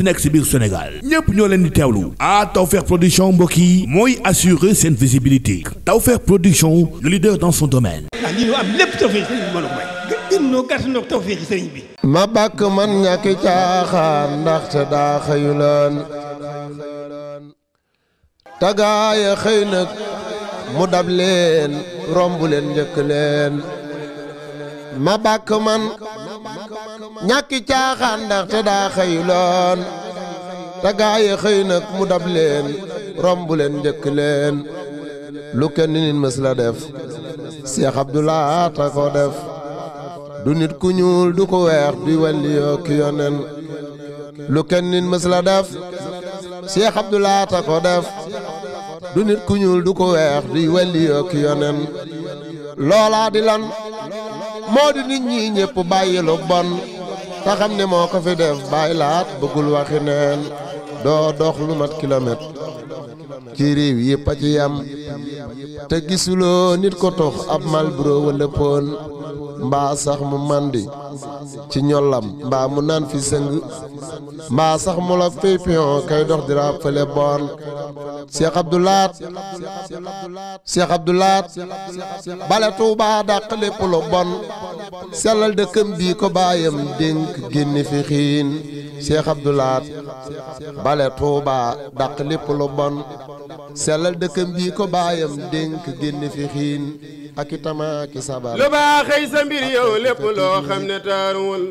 mënti nekk si biir Sénégal ñëpp ñoo leen di teewlu ah Tawfekh production mbokk yi mooy assurer seen visibilité Tawfekh production le leader dans son domaine. ah lii ñu am lépp Tawfekh a may. gën ma bàkk man ñàkk caaxaan ndaxte daa xëyu laan tagaaya xëy mu dab leen romb leen njëkk leen ma bàkk man. ñàkki caaxaan ndaxte daa xëy loon te gaaye xëy nag mu dab leen romb leen njëkk leen lu kenn nit mës la def Cheikh Abdou Lahad a ko def du nit ku ñuul du ko weex du walli yoo ki lu kenn nit mës def Cheikh Abdou Lahad ko def du nit ku ñuul du ko weex du walli yoo ki loolaa di lan moo di nit ñi ñëpp bàyyi lu bon te xam ne moo ko fi def bàyyi laat bëggul waxi neen doo dox lu mat ci réew yépp a ci yam te gisuloo nit ko tox ab malboro wala poon mbaa sax mu màndi ci ñollam mbaa mu naan fi sëng mbaa sax mu la fay pion kay dox dira fële boon Cheikh Abdou Lahat Cheikh Abdou Lahat bale Tuubaa dàq lépp lu bon sellal dëkkam bii ko baayam dénk génn fi xiin Cheikh Abdou Lahad bale Touba dàq lépp lu bon sellal dëkkam bii ko baayam dénk génn fi xiin ak itama ki sabar lu baaxee sa mbir yow lépp loo xam ne taaruwul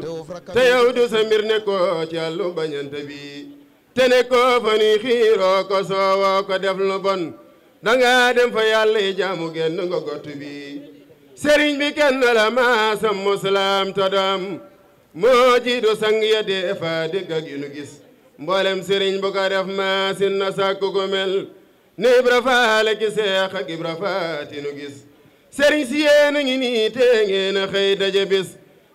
te yow du sa mbir ne ko ci bañante bi te ne fa nuy xiiroo ko soowoo ko def lu bon danga dem fa yàlla yi jaamu génn nga gott bi sëriñ bi kenn la maasam musulaam todam moo jiitu sang ya dee faa dégg ak yu nu gis mboolem sëriñ bu ko def maasin na sàkku ko mel ni Ibra Faal ki seex ak Ibra Faati nu gis sëriñ si yéen ngi nii te ngeen a xëy daje bis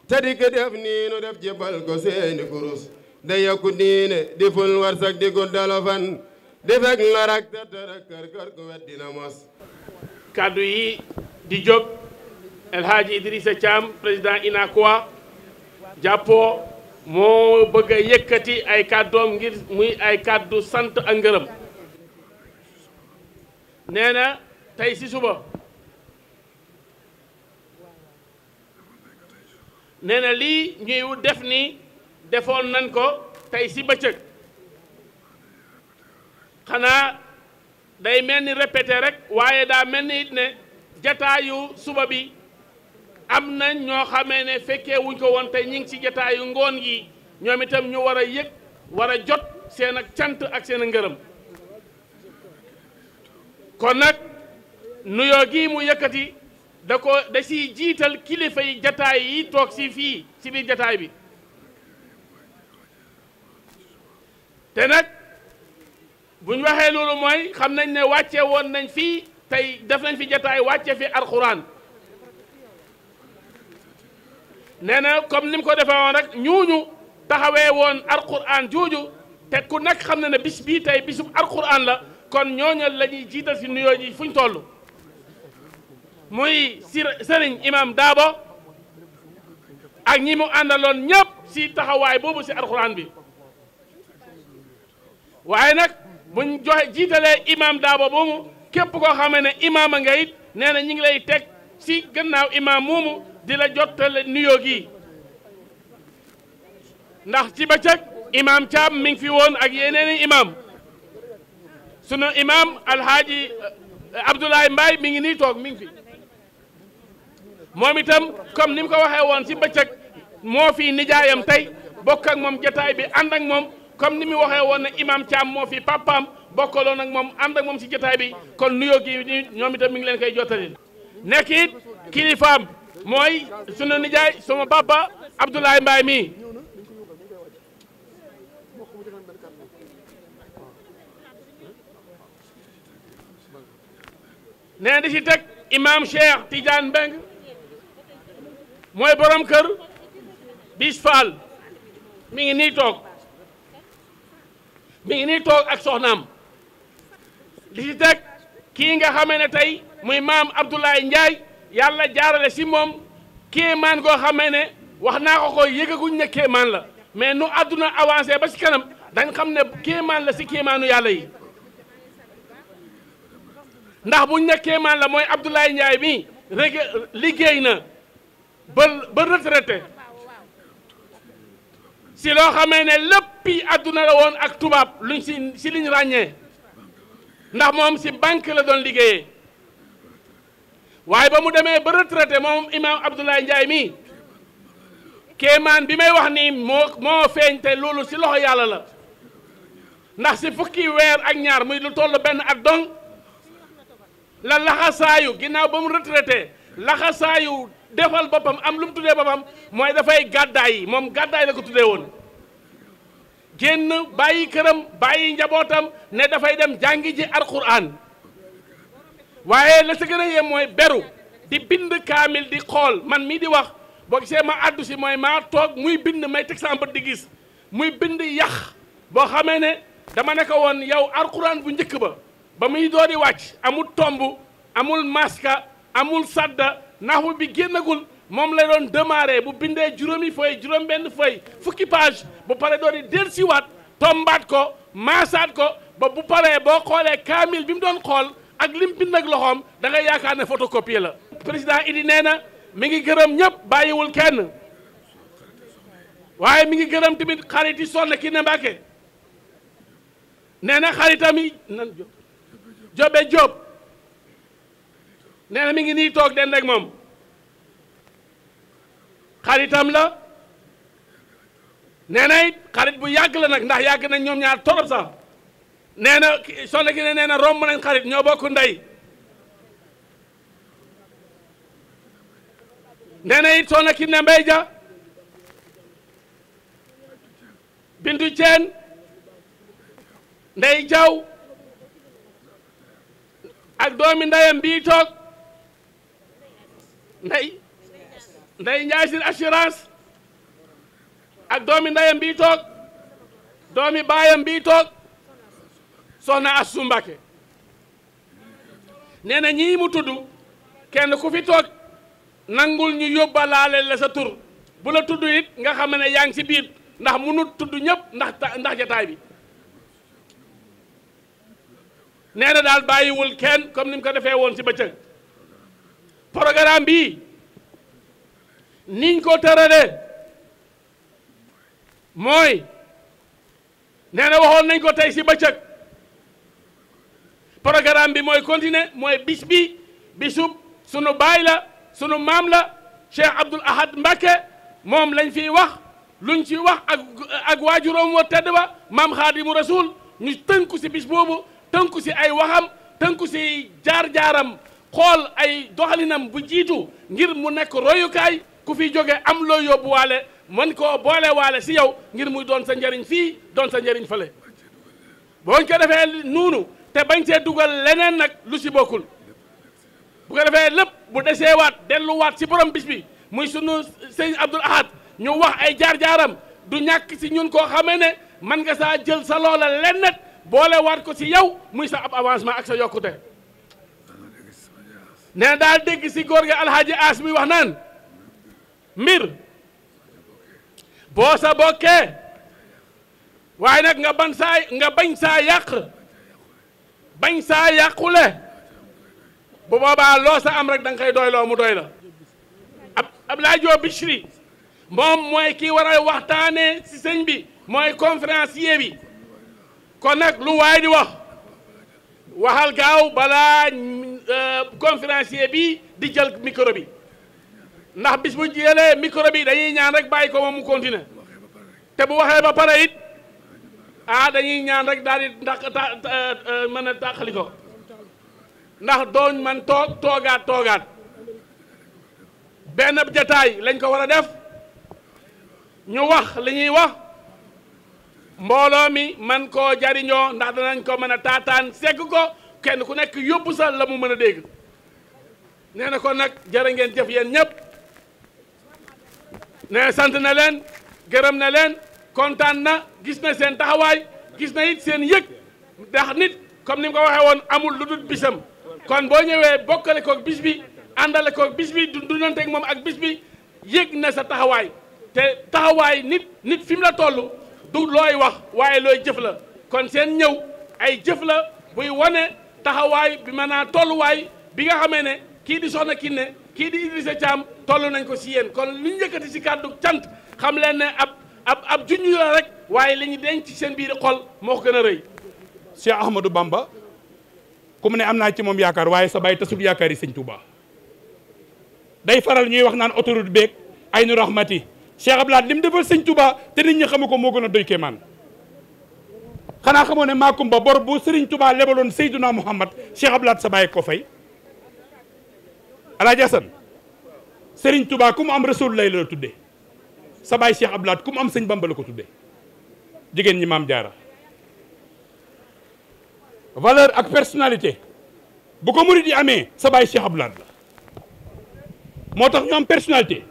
te dikk def nii nu def jébal ko seeni kurus da yokku diine di ful warsak di guddalo di fekk lor ak kër kër ku wet dina mos kàddu yi di jóg El Hadji Idrissa président INACOI jàppoo moo bëgg a yëkkati ay kàddoom ngir muy ay kàddu sant ak ngërëm nee na tey ci suba nee na lii ñuy def ni defoon nañ ko tey ci bëccëg xanaa day mel ni répété rekk waaye daa mel ni it ne jataayu suba bi am nañ ñoo xamee ne fekkee wuñ ko woon tey ñi ngi ci jataayu ngoon yi ñoom itam ñu war a yëg war a jot seen ak cant ak seen ngërëm kon nag nuyoo gii mu yëkkati da ko da jiital kilifa yi jataay yi toog si fii ci biir jataay bi te nag buñ waxee loolu mooy xam nañ ne wàcce woon nañ fii tey def nañ fi jataay wàcce fi alxuraan nee na comme ni mu ko defee woon rek ñuuñu taxawee woon alquran juuju te ku nag xam na ne bis bii tey bisub alquran la kon ñooñal la jiital si nuyoo ji fuñ toll muy sëriñ imam Daabo ak ñi mu àndaloon ñëpp si taxawaay boobu ci alquran bi waaye nag buñ joxe jiitalee imam Daabo boobu képp koo xamee ne imaam a nga it nee na ñi ngi lay teg si gannaaw imaam moomu di la jottale nuyoo gi ndax ci bëccëg imaam Thiam mi fi woon ak yeneen i imaam sunu imaam alhaaji euh, Abdoulaye Mbaye mi ngi nii toog mi fi moom itam comme ni mu ko waxee woon ci bëccëg moo fi nijaayam tey bokk ak moom jataay bi ànd ak moom comme ni mu waxee woon ne imaam Thiam moo fi papaam bokkaloon ak moom ànd moom ci jataay bi kon nuyoo gi ñoom mi ngi leen koy jottali nekk kilifaam mooy sunu nijaay sama papa Abdoulaye Mbaye mii nee di ci teg imam Cheikh Tidiane Mbeng mooy borom kër Biche Fall mi ngi nii toog mi ngi nii toog ak soxnaam di ci teg kii nga xamee ne tey muy maam Abdoulaye Ndiaye yàlla jaarale si moom kéemaan goo xamee ne wax naa ko ko yëgaguñ ne kéemaan la mais nu àdduna avancé ba si kanam dañ xam ne kéemaan la si kéemaanu yàlla yi ndax buñ ne kéemaan la mooy Abdoulaye Ndiaye mi rek liggéey na ba ba retraité si loo xamee ne léppi àdduna la woon ak tubaab luñ si si liñ ràññee ndax moom si banque la doon liggéeyee waaye ba mu demee ba retraité moom imaam Abdoulaye Ndiaye mii kéemaan bi may wax nii moo moo feeñ te loolu si loxo yàlla la ndax si fukki weer ak ñaar muy lu toll benn ak dong la laxasaayu ginnaaw ba mu retraité laxasaayu defal boppam am lu mu tuddee boppam mooy dafay gàddaay yi moom gàddaay la ko tuddee woon génn bàyyi këram bàyyi njabootam ne dafay dem jàngi ji alxuraan waaye la sa mooy beru di bind kaamil di xool man mii di wax boo gisee ma àddu si mooy maa toog muy bind may teg di gis muy bind yàq boo xamee ne dama ne ko woon yow alxuraan bu njëkk ba ba muy door di wàcc amul tomb amul maska amul sadda naxu bi génnagul moom lay doon démarrer bu bindee juróomi feuille juróom benn feuille fukki page bu pare door di dellusiwaat tombaat ko maasaat ko ba bu paree boo xoolee kaamil bi mu doon xool ak lim bind ak loxoom da ngay yaakaar ne photocopie la président Idi nee na mi ngi gërëm ñëpp bàyyiwul kenn waaye mi ngi gërëm tamit xarit yi sonn ki ne Mbàkke nee na xaritam yi nan Jobe neena mi ngi nii toog den moom xaritam la nee na it xarit bu yàgg la nag ndax yàgg nañ ñoom ñaar torop sax nee na soxna gi ne nee na romb nañ xarit ñoo bokk ndey nee na it soxna ki ne mbay ja bintu ceen ndey jaw ak doomi ndaya bii toog nday ndey njaay assurance ak doomi ndeyam bii toog doomi baayam bii toog soxna Astou Mbacké nee na ñii mu tudd kenn ku fi toog nangul ñu yóbbalaale la sa tur bu la tudd it nga xam ne yaa ngi ci biir ndax mu munut tudd ñëpp ndax ndax jataay bi nee na daal bàyyiwul kenn comme ni mu ko defee woon ci bëccëg programme bii niñ ko tëralee mooy nee na waxoon nañ ko tey ci bëccëg programme bi mooy continuer mooy bis bi bisub sunu baay la sunu maam la Cheikh Abdoul Ahad Mbacké moom lañ fiy wax luñ ci wax ak ak waajuróom wa tedd ba maam Xaadimu Rasuul ñu tënku ci bis boobu tënku si ay waxam tënku si jaar-jaaram xool ay doxalinam bu jiitu ngir mu nekk royukaay ku fi jóge am loo yóbbuwaale mën koo boolewaale ci yow ngir muy doon sa njariñ fii doon sa njariñ fële booñ ko defee nuunu te bañ see dugal leneen nag lu ci bokkul bu ko defee lépp bu desee waat delluwaat ci borom bis bi muy sunu sëñ Abdoul Ahad ñu wax ay jaar-jaaram du ñàkk si ñun koo xamee ne man nga saa jël sa loola lennet boole waat ko ci yow muy sa ab avancement ak sa yokkute nee daal dégg si góor ga alxaaji aas muy wax naan mbir boo sa bokkee waaye nag nga ban saa nga bañ saa yàq bañ saa yàqule bu boobaa loo sa am rek da nga koy doy mu doy la ab Abdoulaye Diop Bichri moom mooy kii war a waxtaanee si sëñ bi mooy conférencier bi kon nag lu waay di wax waxal gaaw balaa euh, conférencier bi di jël micro ndax bis bu jëlee micro bi dañuy ñaan rek bàyyi ko moom mu continuer te bu waxee ba pare it ah dañuy ñaan rek daal di ndax euh, mën a tàqali ko ndax dooñ man toog toogaat toogaat benn jataay lañ ko war a def ñu wax lañuy wax mbooloo mi man koo jariñoo ndax danañ ko mën a taataan segg ko kenn ku nekk yóbbu sa la mu mën a dégg nee na kon nag jërë jëf yéen ñëpp ne sant na leen gërëm na leen kontaan na gis na seen taxawaay gis na seen yëg ndax nit comme ni mu ko waxee woon amul lu dul bisam kon boo ñëwee bokkale koog bis bi àndale koog bis bi dundanteeg moom ak bis bi yëg na sa taxawaay te taxawaay nit nit fi mu la toll du looy wax waaye looy jëf la kon seen ñëw ay jëf la buy wane taxawaay bi naa tolluwaay bi nga xamee ne kii di Soxna Kiné kii di Idrissa Thiam toll nañ ko si yéen kon lu ñu yëkkati si kàddu cant xam leen ne ab ab ab junj rek waaye la ñu denc ci seen biir xol moo ko gën a rëy. Cheikh Ahmadou Bamba ku ne am naa ci moom yaakaar waaye sa bàyyi tasul yaakaar yi sëñ Touba day faral ñuy wax naan autoroute beeg ay nu rahmati Cheikh Abdoulaye lim defal sëñ tubaa te nit ñi xamu ko moo gën a doy kéemaan xanaa xamoo ne Makumba bor bu Serigne Touba lebaloon Seyduna Muhammad Cheikh Abdoulaye sa bàyyi ko fay Alaaji Asan Serigne Touba ku am Rasul lay la tuddee. sa baay Cheikh Abdoulaye ku mu am sëñ Bamba la ko tuddee jigéen ñi maam jaara valeur ak personnalité bu ko murid yi amee sa baay Cheikh Abdoulaye la moo tax ñu am personnalité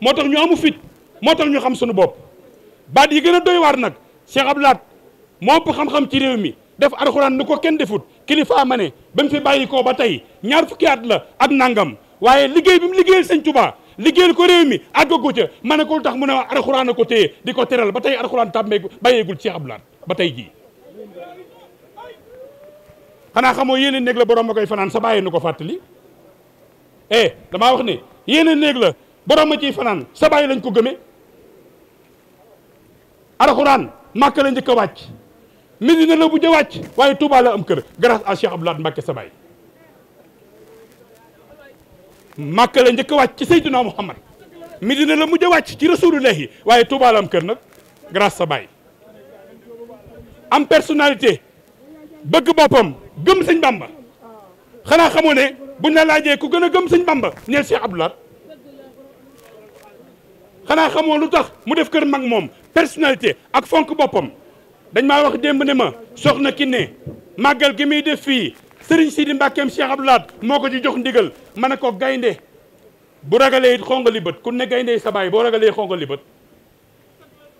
moo tax ñu amu fit moo tax ñu xam sunu bopp baat yi gën a doy waar nag Cheikh Abdoulaye moo ëpp xam-xam ci réew mi def arxuraan nu ko kenn defut kilifa ma ne ba mu fi bàyyi koo ba tey ñaar fukki at la ak nangam waaye liggéey bi mu liggéeyal sëñ Touba. liggéeyal ko réew mi àggagoo ca ma ne tax mu ne wax alxuraan a ko téye di ko teral ba tey alxuraan tàmmee bàyyeegul Cheikh Abdou Lahad ba tey jii xanaa xamoo yéene néeg la borom ma koy fanaan sa bàyyi nu ko fàttali eh wax ne yéene néeg la borom ciy fanaan sa lañ ko gëme alxuraan màkk la njëkk a wàcc Medina la bu ja wàcc waaye Touba am kër grâce à Cheikh Abdou Lahad Mbacké sa Màkka la njëkk a wàcc ci Seydina Muhammad Medina la mujj a wàcc ci rasulullahi waaye Touba la am kër nag grâce sa baay am personnalité bëgg boppam gëm sëñ Bamba xanaa xamoo ne bu la laajee ku gën a gëm sëñ Bamba ñeel Cheikh Abdoulaye xanaa xamoo lu tax mu def kër mag moom personnalité ak fonk boppam dañ maa wax démb ne ma soxna ki ne màggal gi muy def fii sëriñ Sidi Mbàkkeem Cheikh moo ko ci jox ndigal ma ne ko gaynde bu ragalee it xongali bët kun gaynde sa baay boo ragalee xongali bët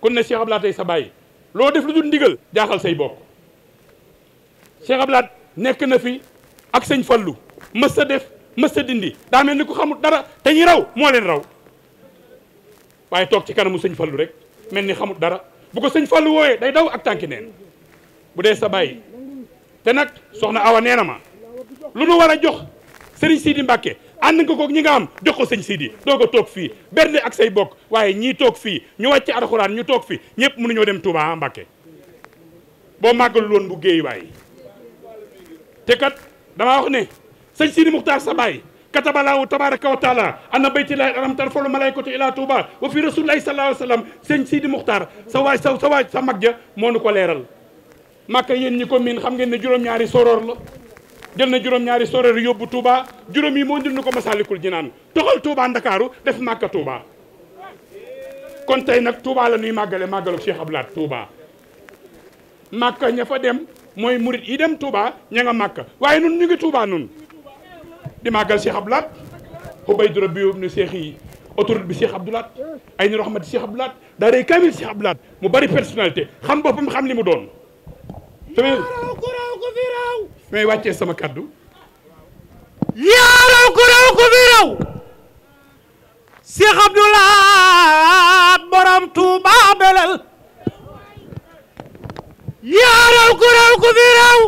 kun ne Cheikh Abdou Lahad sa baay loo def lu dul ndigal jaaxal say bokk Cheikh nekk na fi ak sëñ Fallu mës sa def mës sa dindi daa mel ni ku xamul dara te ñi raw moo leen raw waaye toog ci kanamu sëñ Fallu rek mel ni xamul dara bu ko sëñ Fallu wooyee day daw ak tànki neen bu dee sa baay te nag soxna Awa nee na ma lu nu war a jox Serigne Sidi Mbacke ànd nga kook ñi nga am jox ko sëñ Sidi doog a toog fii bernde ak say bokk waaye ñii toog fii ñu wàcc alxuraan ñu toog fii ñëpp mënuñoo dem Touba Mbacke boo màggalul woon bu géey waay te kat damaa wax ne sëñ Sidi Muxtaar sa baay katabalaahu tabaraka wa taala anna baytillahi aram tar folu malaykatu ila touba wa fi rasulillahi sallallahu alayhi wa sëñ Sidi Muxtaar sa waay sa sa waay sa mag moo nu ko leeral Màkka yéen ñi ko miin xam ngeen ne juróom-ñaari soroor la jël na juróom-ñaari soroor yóbbu Touba juróom yi moo jël nu ko Masalikul Jinaan toxal Touba Ndakaaru def Màkka Touba kon tey nag Touba la ñuy màggale màggalu Cheikh Abdoul Ahad Touba Màkka ña fa dem mooy murit yi dem Touba ña nga Màkka waaye nun ñu ngi Touba nun di màggal Cheikh ab Ahad xubaydu rabbi yób ne seex yi autorité bi Cheikh Abdoul Ahad ay ni rahmati Cheikh Abdoul Ahad daa day kaamil Cheikh mu bari personnalité xam boppam xam li mu doon raw ku raw ku fi raw may wàccee sama kàddu yaa raw ku raw ku fi raw Cheikh Abdou Lahad borom Touba yaa raw ku raw ku fi raw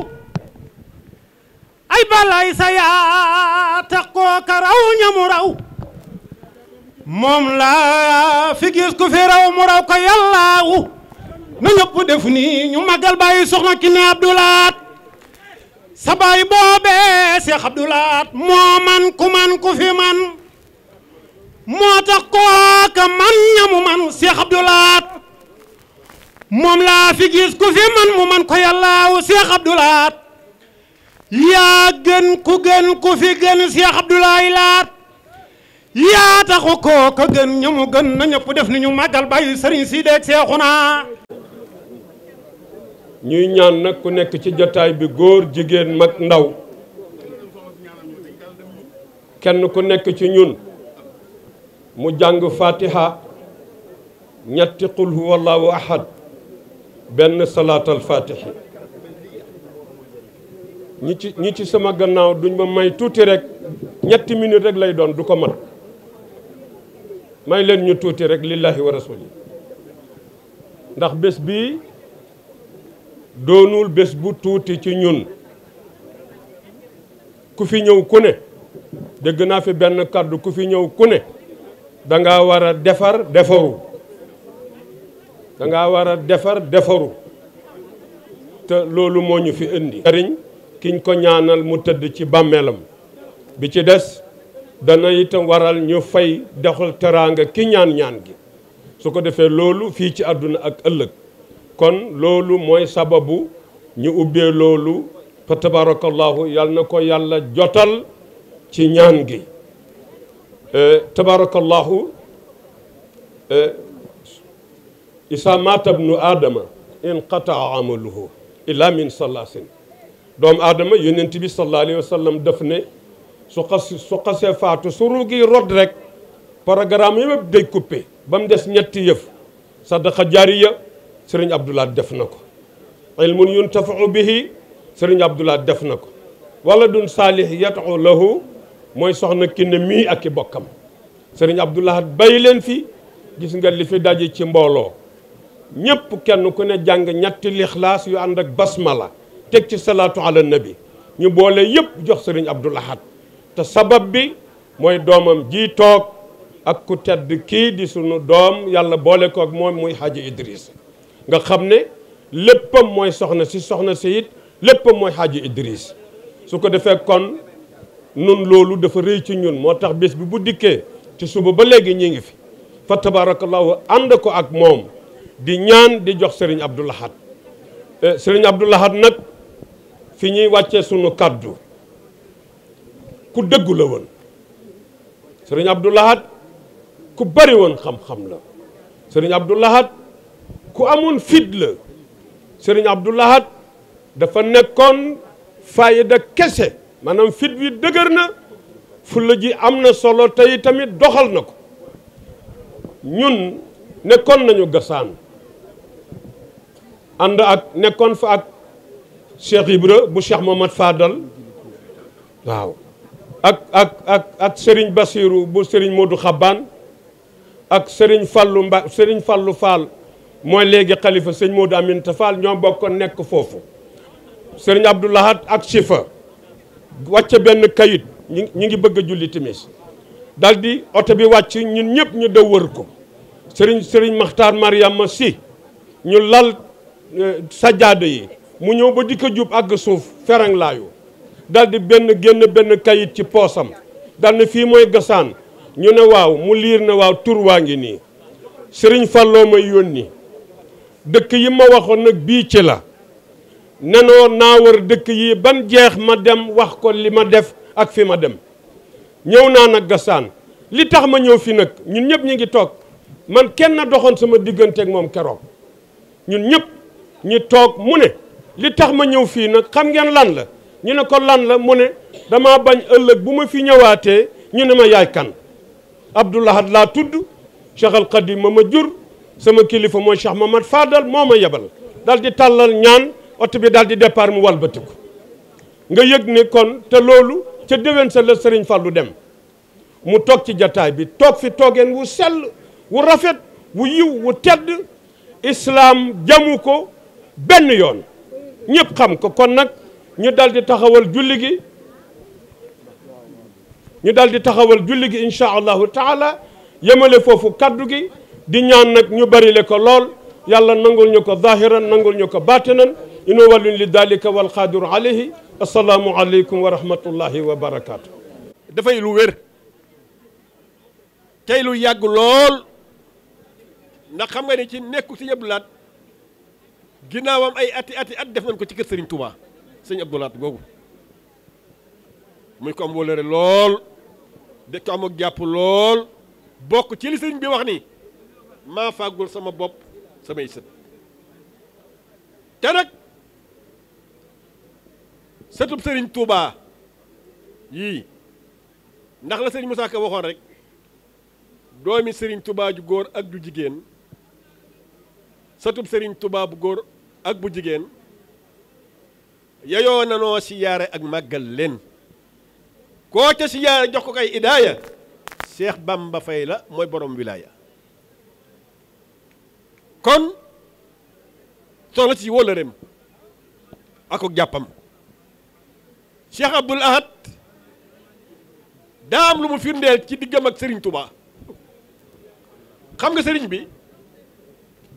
ay balay sa yaa takkoo ka raw ñamu raw moom laa fi gis ku fi raw mu raw ko yàllaawu na ñëpp def nii ñu màggal bàyyi soxna ki ne abdoulaat sa baay boobee seex abdoulaat moo man ku man ku fi man moo tax kooka man ñamu man seex abdoulaat moom laa fi gis ku fi man mu man ko yàllaaw seex abdoulaat yaa gën ku gën ku fi gën seex abdoulaay laat yaa taxu kooka gën ñamu gën na ñëpp def ni ñu màggal bàyyi sëriñ si deeg seexu naa ñuy ñaan nag ku nekk ci jotaay bi góor jigéen mag ndaw kenn ku nekk ci ñun mu jàng fatiha ñetti qul huwa allahu benn salaatal fatihi ñi ci ñi ci sama gannaaw duñ ma may tuuti rek ñetti minute rek lay doon du ko mat may leen ñu tuuti rek lillahi wa rasuli ndax bés bii doonul bés bu tuuti ci ñun ku fi ñëw ku ne dégg naa fi benn kàddu ku fi ñëw ku ne da nga war a defar defaru te loolu moo ñu fi indi jariñ kiñ ko ñaanal mu tëdd ci bàmmeelam bi ci des dana itam waral ñu fay doxal teraanga ki ñaan-ñaan gi su ko defee loolu fii ci àdduna ak ëllëg kon loolu mooy sababu ñu ubbee loolu fa tabarakallahu yal na ko yàlla jotal ci ñaan gi e, tabarakallahu e, isa mata bnu aadama inqataa amaluhu illa min salasin doomu aadama yonent bi sallallahu alayhi wa ne su xas su xasee faatu su ruugi rod rek programme yëpp day coupé ba mu des ñetti yëf sadaqa jaariya sëriñ Abdoulaat def na ko yu ilmun yuntafau bihi sëriñ Abdoulaat def na ko wala dun saalih yad'u lahu mooy soxna kinne mii ak i bokkam sëriñ Abdoulaat bàyyi leen fi gis nga li fi daje ci mbooloo ñëpp kenn ku ne jàng ñetti lixlaas yu ànd ak basmala teg ci salaatu ala nabi ñu boole yëpp jox sëriñ Abdul Ahad te sabab bi mooy doomam ji toog ak ku tedd kii di sunu doom yàlla boole ko ak moom muy Haji Idris nga xam ne léppam mooy soxna si soxna si it léppam mooy xaaji Idriss su ko defee kon nun loolu dafa rëy ci ñun moo tax bés bi bu dikkee ci suba ba léegi ñi ngi fi fa tabarakallahu ànd ko ak moom di ñaan di jox Serigne Abdou Lahad eh, Serigne Abdou Lahad nag fi ñuy wàccee sunu kàddu ku dëggu la woon Serigne Abdou Lahad ku bari woon xam-xam la Serigne Abdou ku amoon fit la sëriñ Abdou dafa nekkoon fayda kese maanaam fit wi dëgër na fulla ji am na solo tey tamit doxal na ko ñun nekkoon nañu gasaan ànd ak nekkoon fa ak Cheikh Ibra bu Cheikh Mamad Fadal waaw ak ak ak ak Serigne bu Serigne Modou Xaban ak Serigne Fallou Mba Serigne Fallou Fall mooy léegi xalifa sëñ moo Modou Amin Tafal ñoom bokkoon nekk foofu sëriñ Abdou ak Chifa wàcce benn kayit ñu ñu ngi bëgg a julli timis dal di oto bi wàcc ñun ñëpp ñu daw wër ko sëriñ sëriñ Maxtaar Mariama si ñu lal euh, sajjaada yi mu ñëw ba di ko jub àgg suuf ferang daldi dal benn génn benn kayit ci poosam dal fii mooy gasaan ñu ne waaw mu liir na waaw tur waa ngi nii sëriñ Falloo may yónni dëkk yi ma waxoon nag bii ci la nenoo naa war dëkk yi ban jeex ma dem wax ko li ma def ak fi ma dem ñëw naa nag gasaan li tax ma ñëw fii nag ñun ñëpp ñu ngi toog man kenn doxoon sama digganteek moom keroog ñun ñépp ñi toog mu ne li tax ma ñëw fii nag xam ngeen lan la ñu ne ko lan la mu ne dama bañ ëllëg bu ma fi ñëwaatee ñu ne ma yaay kan Abdoul laa tudd Cheikh Al ma ma jur sama kilifa mooy Cheikh Mamad Fadal moo ma yebal dal di tàllal ñaan oto bi dal di départ mu walbatiku nga yëg ni kon te loolu ca déwén sa la Serigne dem mu toog ci jataay bi toog fi toogeen wu sell wu rafet wu yiw wu tedd islaam jamu ko benn yoon ñëpp xam ko kon nag ñu dal di taxawal julli gi ñu dal di taxawal julli gi incha allahu taala yemale foofu kàddu gi di ñaan nag ñu bërile ko lool yàlla nangul ñu ko zahiran nangul ñu ko baatinan inu walun li dalika wal qaadiru alayhi assalaamu aleykum wa rahmatullahi wa barakaatu. dafay lu wér tey lu yàgg lool ndax xam nga ni ci nekku sëñ Abdou naa wam ay ati ati at def nañ ko ci kër Serigne Touba sëñ Abdou Lahad googu muy ko am wóllëre lool de ko am ak jàpp lool bokk ci li sëriñ bi wax ni maa sama bopp samay sët te nag sëtub sëriñ tuubaa yii ndax la sëriñ Moussa Ka waxoon rek doomi sëriñ Touba ju góor ak ju jigéen sëtub sëriñ Touba bu góor ak bu jigéen yayoo nanoo siyaare ak màggal leen koo ca siyaare jox ko kay idaaya Seex Bamba Fay la mooy borom wilaaya kon soxna si wóllëreem ak ak jàppam Cheikh Abdoul Ahad daa am lu mu firndeel ci diggam ak Serigne Touba xam nga sëriñ bi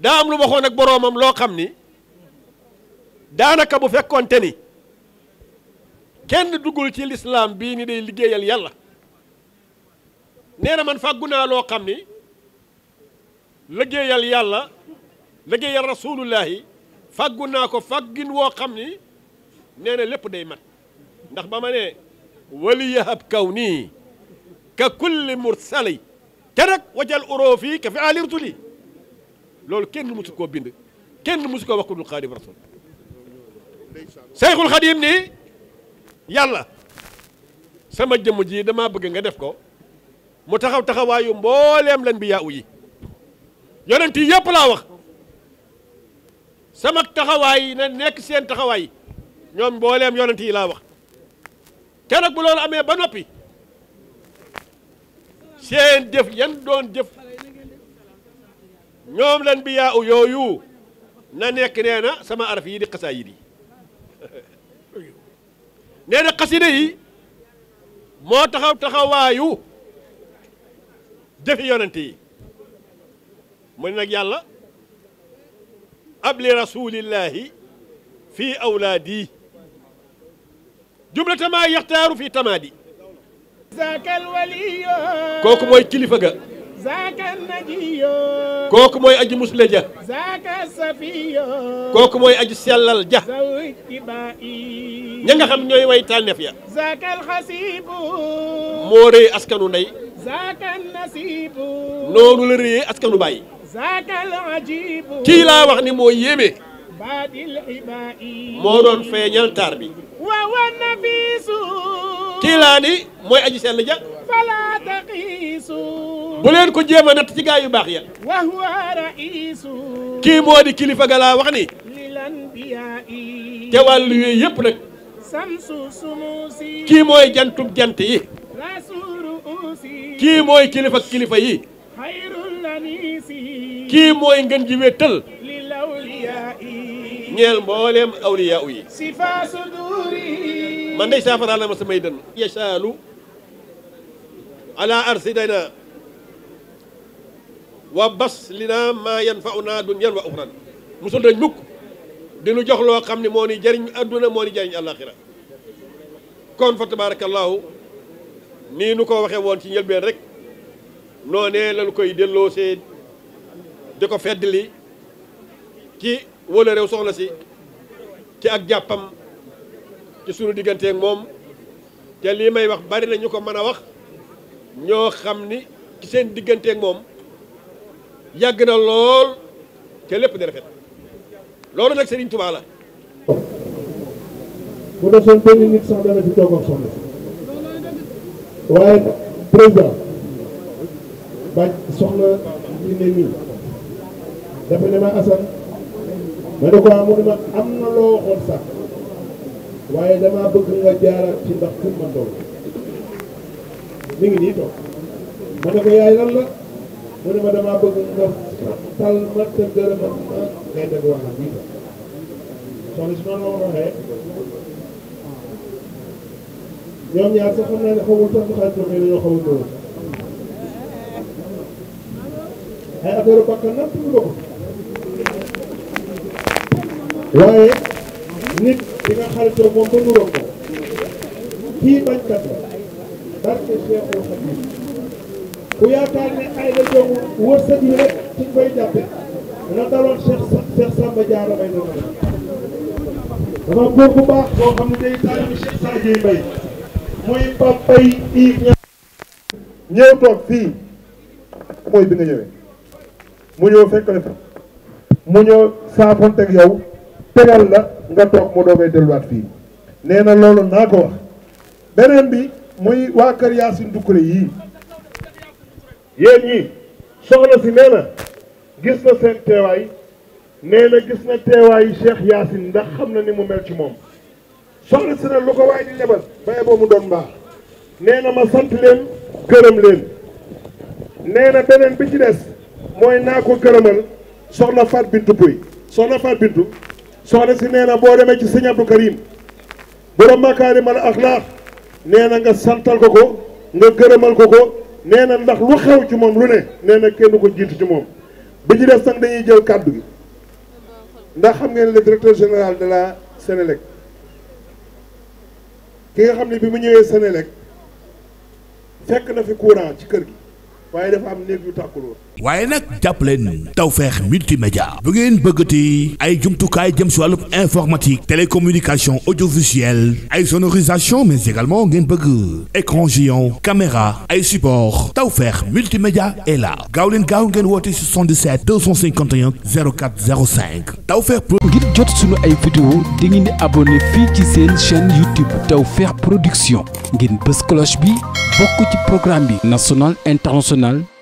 daa am lu ma waxoon ak boroomam loo xam ni daanaka bu fekkoonte ni kenn duggul ci lislaam bii ni day liggéeyal yàlla nee na man fàggu naa loo xam ni liggéeyal yàlla liggéeyal rasulullahi faggu naa ko faggin woo xam ni nee na lépp day mat ndax ba ma ne wali yahab kaw nii ka kulli mursali te nag wajal uroo fii ka fi alirtuli loolu kenn musu koo bind kenn musu koo wax ko dul xaadim rasul seyxul xadim ni yàlla sama jëmm ji dama bëgg nga def ko mu taxaw taxawaayu mbooleem lan bi yaa u yi yonent yi yëpp wax sama taxawaay na nekk seen taxawaay ñoom mbooleem yonent yi laa wax te bu loolu amee ba noppi seen jëf yan doon jëf ñoom lan bi yaa u yooyu na nekk nee na sama araf yi di xasaa yi di nee na xasida yi moo taxaw taxawaayu jëfi yonent yi mu ne nag yàlla abli rasulillahi fi awlaadi jublata maa yaxtaaru fi tamaadi kooku mooy kilifa kooku mooy aji musle ja kooku mooy aji sellal ja moo rëy askanu ndey noonu la askanu bàyyi kii laa wax ni moo yéeme moo doon feeñal taar bi kii laa ni mooy aji sell ja bu leen ko jéem natt ci gaa yu baax ya kii moo di kilifa ga laa wax ni te wàllu yooyu yëpp nag kii mooy jantub jant yi kii mooy kilifa kilifa yi kii mooy ngeen ji wéttal ñeel mbooleem awliyaa yi man day saafaraal na ma samay dën yasaalu ala arsidina wa bas li naa maa yanfauna dunyan wa uxran musul dañ mukk dinu jox loo xam ne moo ni jëriñ adduna moo ni jëriñ àllaaxira kon fa tabarakallahu nii nu ko waxe woon ci njëlbeen rek noonee lañ koy delloosee di ko fedd li ci wala réew soxna si ci ak jàppam ci sunu digganteeg moom te lii may wax bari na ñu ko mën a wax ñoo xam ni ci seen digganteeg moom yàgg na lool ca lépp di rafet loolu nag Serigne Touba la. ba soxna Ndine mii dafa ne ma Assane ma ne ko amoon ah, ma am na loo waxoon sax waaye damaa bëgg nga jaaraat ci ndax pour ma doon mi ngi nii toog ma ne ko yaay lan mu ne ma damaa bëgg nga tal ma te gërëm ngay def wax ak bii soxna si noonu la ma ñoom ñaar sax xam naa ne xawul sax xarit ñoom ñoo xawul loolu. ay affaire bakkan nag tudd ko waaye nit ki nga xaritoo moom ba nuróo ko kii bañkat la barke Cheikhul Khadim la joomu wërsëg yi rek la daloon xam ne day taal bi Cheikh Sadio Mbaye muy Pape Mbaye Yves ñëw toog fii mooy bi nga ñëwee mu ñëw fekk la fi yow tegal la nga toog mu doogay delluwaat fii nee na loolu naa ko wax beneen bi muy waa kër Yaasin Dukkure yii yéen ñii soxna si nee na gis na seen teewaay nee na gis na teewaayu Cheikh Yaasin ndax xam na ni mu mel ci moom soxna si ne lu ko waay di lebal baye boo mu doon mbaax nee na ma sant leen gërëm leen nee na beneen bi ci des mooy naa ko gërëmal soxna Fatou Bintou Pouy soxna Fatou Bintou soxna si nee na boo demee ci sëñ Abdou Karim borom ma makaarimal axlaax nee na nga santal ko ko nga gërëmal ko ko nee na ndax lu xew ci moom lu ne nee na kenn ko jiitu ci moom bi ci des nag dañuy jël kàddu gi ndax xam ngeen le directeur général de la Sénélec ki nga xam ne bi mu ñëwee Sénélec fekk na fi courant ci kër gi waaye dafa am néeg yu tàkkuloon waaye nag jàppaleen Tawfekh multimédia bu ngeen bëggati ay jumtukaay jëm si wàllu informatique télécommunication audiovisuelle ay sonorisation mais également ngeen bëgg écran géant caméra ay support Tawfekh multimédia est la gaaw leen gaaw ngeen woote 77 251 04 05 Tawfekh ngir jot suñu ay vidéo di ngeen di abonné fii ci seen chaîne YouTube Tawfekh production ngeen bës cloche bi bokk ci programme bi national international